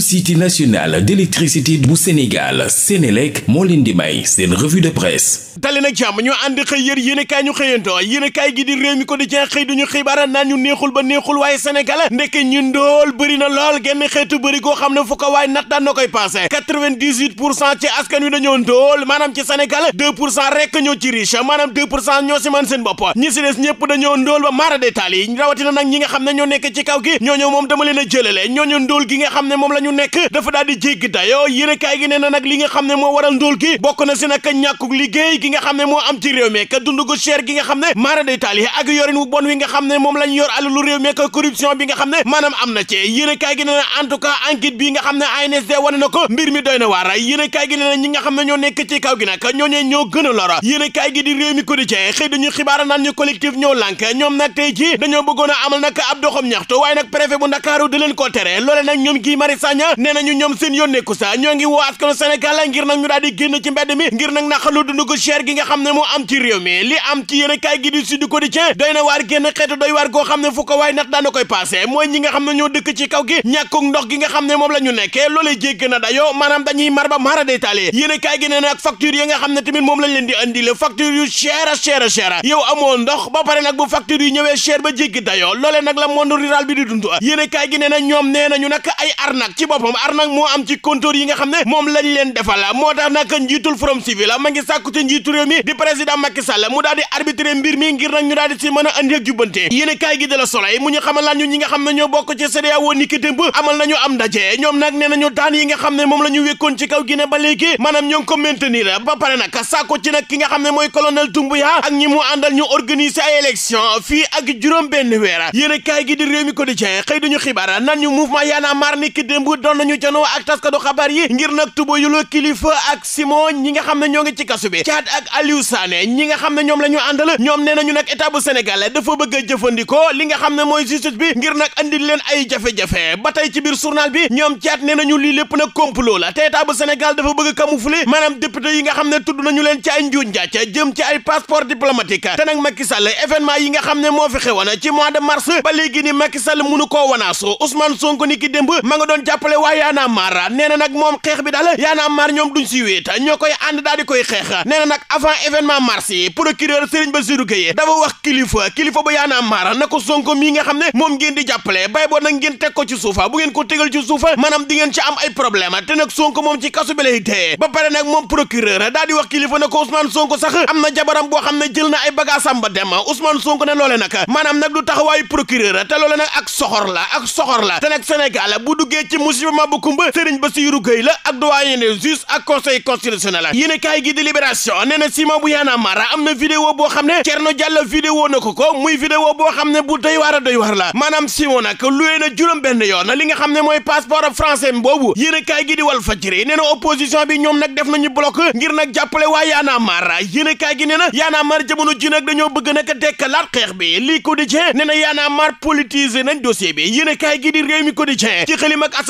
société nationale d'électricité bu Sénégal Sénélec moo leen di may seen revue de presse dali jàmm ñu ànd xëy yër yéen ñu xëyantoo yéen gi di réew mi ko di jeex xëy duñu xibaar naan ñu neexul ba neexul waaye Sénégal ndekke ñu ndool bëri lool genn xeetu bëri koo xam ne fu ko waaye nat daan na koy passé ci askan wi dañoo ndool maanaam ci Sénégal rek ñoo ci riche maanaam ñoo si man seen bopp ñi si des ñëpp dañoo ndool ba maara détail yi a ñu nekk dafa daal di jéggi dayoo yéenekaay gi nee na nag li nga xam ne moo waral ndóol gi bokk na si nag ñàkkuk liggéey gi nga xam ne moo am ci réew mi ka dund gu nga xam ne maara day nga xam ne moom lañ yor alalu réew mi ka ne maanaam am na ci yéenekaay gi nee na en tout bi nga xam ne ANSD wane na ko mbir mi doy na waar yéenekaay gi nee na ñi nga xam ne ñoo nekk ci kaw gi nag ñooñee ñoo gën a loro yéenekaay gi di réew mi quotidien xëy dañu xibaar naan ñu collectif ñoo lànk ñoom nag tey ji a amal nag ab doxam ñaxtu waaye nag Sagna nee nañu ñoom seen yoon nekku sa ñoo ngi woo askanu Sénégal ngir nag ñu daal di génn ci mbedd mi ngir nag naqalu dund gu gi nga xam ne moo am ci réew mi li am ci yéen na waar génn xeetu doy waar goo xam ne fu ko waay nat daana koy passé mooy ñi nga xam ne ñoo dëkk ci kaw gi ñàkkug ndox gi nga xam ne moom la ñu nekkee loolee jégg na dayo maanaam dañuy mar ba mara détaillé yéen kaay gi nee na facture yi nga xam ne tamit moom lañ leen di andi la facture yu cher a cher a pare nag bu facture yu ñëwee cher ba jéggi dayo loolee nag la monde rural bi di dund yéen kaay gi na ñoom nee nañu nag ay arnak ci boppam arnaque moo am ci compteur yi nga xam ne moom lañ leen defal moo tax na njiitul Forum Civil ma ngi sàkku ci njiitu réew mi di président Macky Sall mu daal di arbitré mbir mi ngir nag ñu daal di mën a andi ak jubbante yéen kaay gi de la mu ñu xamal laan ñu ñi ne ñoo bokk e am yi nga ne moom la ñu wékkoon ci kaw Guinée ba léegi maanaam ñoo ngi ko maintenir ba pare nag sàkku ci nag ki nga xam ne mooy colonel Doumbouya ak ñi mu àndal ñu organiser fii ak juróom benn weer yéen kaay gi di réew mi ko di xëy ñu mouvement yaana mar démb doon nañu janoo ak taskatu xabaar yi ngir nag tubayulu kilifa ak Simon ñi nga xam ne ñoo ngi ci kasu bi caat ak Aliou Sané ñi nga xam ne ñoom la ñu ñoom nee nañu nag état bu Sénégal dafa bëgg a jëfandikoo li nga xam ne mooy justice bi ngir nag andi leen ay jafe-jafe ba tey ci biir journal bi ñoom caat nee nañu lii lépp na complot la te état bu Sénégal dafa bëgg camoufler maanaam député yi nga xam ne tudd nañu leen ci ay njuuñ njaaca jëm ci yi nga xam ne moo fi xewoon ci mois de mars ba léegi ni Macky Sall mënu koo jàppale waa Y'en a marre nee na nag moom xeex bi daal Y'en a marre ñoom duñ si wéet ñoo koy ànd daal di koy xeex nee na nag avant événement mars yi procureur Serigne Bassirou Gueye dafa wax kilifa kilifa ba Y'en a marre na ko Sonko mii nga xam ne moom ngeen di jàppale bay boo nag ngeen teg ko ci suufa bu ngeen ko tegal ci suufa maanaam di ngeen ci am ay problème te nag Sonko moom ci kasu bi lay teye ba pare nag moom procureur daal di wax kilifa na ko Ousmane Sonko sax am na boo xam ay bagaasam ba dem Ousmane Sonko ne maanaam nag du taxawaayu procureur te musiba ma bu kumba sëriñ Bassirou Gueye la ak doyen des juges ak conseil constitutionnel yéen a kaay gi di libération nee na Simon bu yaana mara am na vidéo boo xam ne Thierno Diallo vidéo na ko ko muy vidéo boo xam ne bu doy waar a doy waar la maanaam Simon nag luwee na juróom benn yoon li nga xam ne mooy passeport français boobu yéen a kaay gi di wal fajiri nee na opposition bi ñoom nag def nañu bloc ngir nag jàppale waa yaana mara a kaay gi nee na yaana dañoo bëgg nag dekkalaat xeex bi lii quotidien nee na yaana mara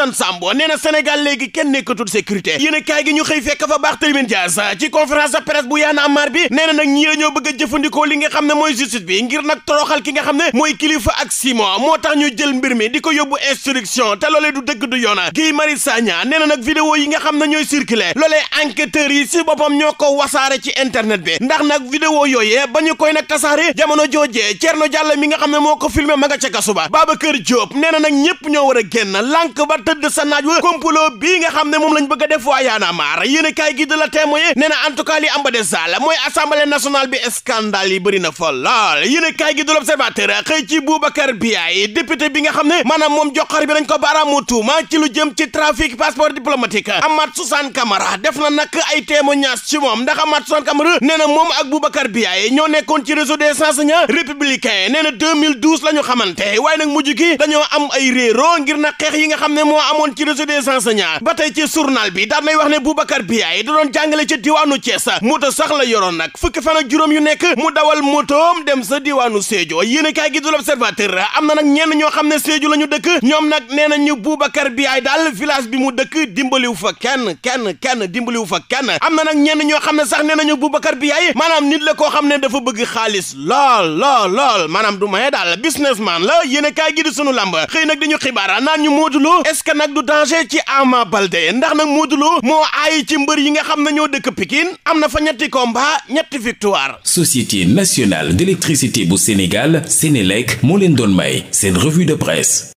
Assane Sambo nee na Sénégal léegi kenn nekkatul sécurité yéen a kaay gi ñu xëy fekk fa baax Barthélémy Dias ci conférence de presse bu Y'en a marre bi nee nag ñi ñoo bëgg a jëfandikoo nga xam ne mooy justice bi ngir nag toroxal ki nga xam ne mooy kilifa ak Simon moo tax ñu jël mbir mi di ko yóbbu instruction te loolee du dëgg du yoon Guy Marius Sagna nee na nag vidéo yi nga xam ne ñooy circulé loolee enquêteurs yi si boppam ñoo ko wasaare ci internet bi ndax nag vidéo yooyee ba ñu koy nag tasaare jamono joojee Thierno Diallo mi nga xam ne moo ko filmé ma nga ca kasu ba a tëdd sa naaj wa complot bii nga xam ne moom lañ bëgg a def waa maar yéen a kaay gi de la na en tout cas li mooy assemblée nationale bi scandale yi bëri na fa lool yéen a xëy ci Boubacar Biaye député bi nga xam ne moom joxar bi dañ ko baaraamu tuuma ci lu jëm ci trafic passeport diplomatique Amath Suzanne Camara def na nag ay témoignage ci moom ndax Amath Suzanne Camara nee na moom ak Boubacar Biaye ñoo nekkoon ci réseau amoon ci réseau des enseignants ba tey ci journal bi daan nay wax ne Boubacar Biaye da doon jàngale ca diwaanu Thiès moto sax la yoroon nag fukki fan ak juróom yu nekk a kaay am na nag ñenn ñoo xam ne Sédhiou la ñu dëkk ñoom nag nee na ñu Boubacar Biaye daal village bi mu dëkk dimbaliwu fa kenn kenn kenn dimbaliwu fa kenn am na nag ñenn ñoo xam ne sax nee nañu Boubacar Biaye maanaam nit la koo xam ne dafa bëgg xaalis lool lool lool maanaam du maye daal businessman la yéen a kaay gi di sunu làmb xëy nag di ñu xibaar naan ñu Modou Lo nag du danger ci Ama Baldé ndax nag Modou Lo moo aay ci mbër yi nga xam ne ñoo dëkk Pikine am na fa ñetti combat ñetti victoire. Société nationale d'électricité bu Sénégal Sénélec moo leen doon may seen revue de presse.